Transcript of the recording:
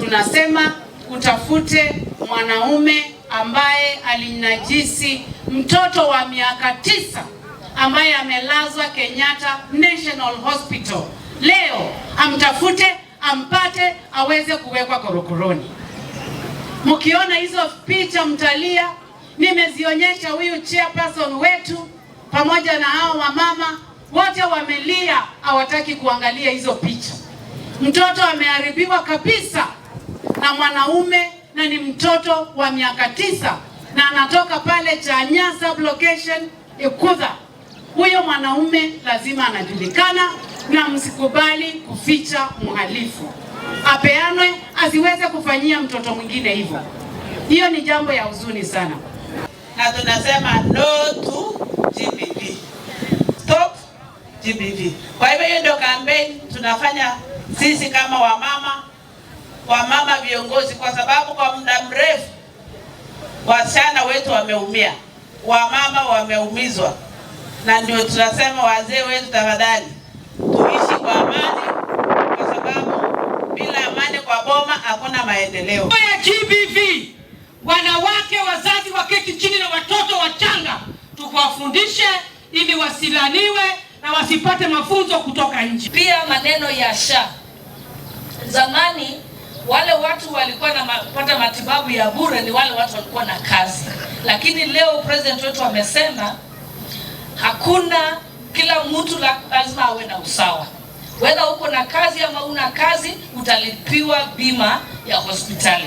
tunasema utafute mwanaume ambaye alinajisi mtoto wa miaka tisa ambaye amelazwa Kenyatta National Hospital leo, amtafute ampate, aweze kuwekwa korokoroni. Mkiona hizo picha mtalia. Nimezionyesha huyu chairperson wetu pamoja na hao wamama wote wamelia, hawataki kuangalia hizo picha. Mtoto ameharibiwa kabisa na mwanaume na ni mtoto wa miaka tisa na anatoka pale Chanya sublocation Ikuza. Huyo mwanaume lazima anajulikana, na msikubali kuficha mhalifu, apeanwe asiweze kufanyia mtoto mwingine hivyo. Hiyo ni jambo ya huzuni sana, na tunasema no to GBV. Stop GBV. Kwa hivyo hiyo ndio kampeni tunafanya sisi kama wamama wamama viongozi, kwa sababu kwa muda mrefu wasichana wetu wameumia, wamama wameumizwa, na ndio tunasema wazee wetu, tafadhali tuishi kwa amani, kwa sababu bila amani kwa boma hakuna maendeleo. ya GBV wanawake, wazazi waketi chini na watoto wachanga, tukawafundishe ili wasilaniwe na wasipate mafunzo kutoka nje. Pia maneno ya sha zamani wale watu walikuwa kupata matibabu ya bure ni wale watu walikuwa na kazi, lakini leo president wetu amesema hakuna, kila mtu lazima awe na usawa. Wedha uko na kazi ama una kazi, utalipiwa bima ya hospitali.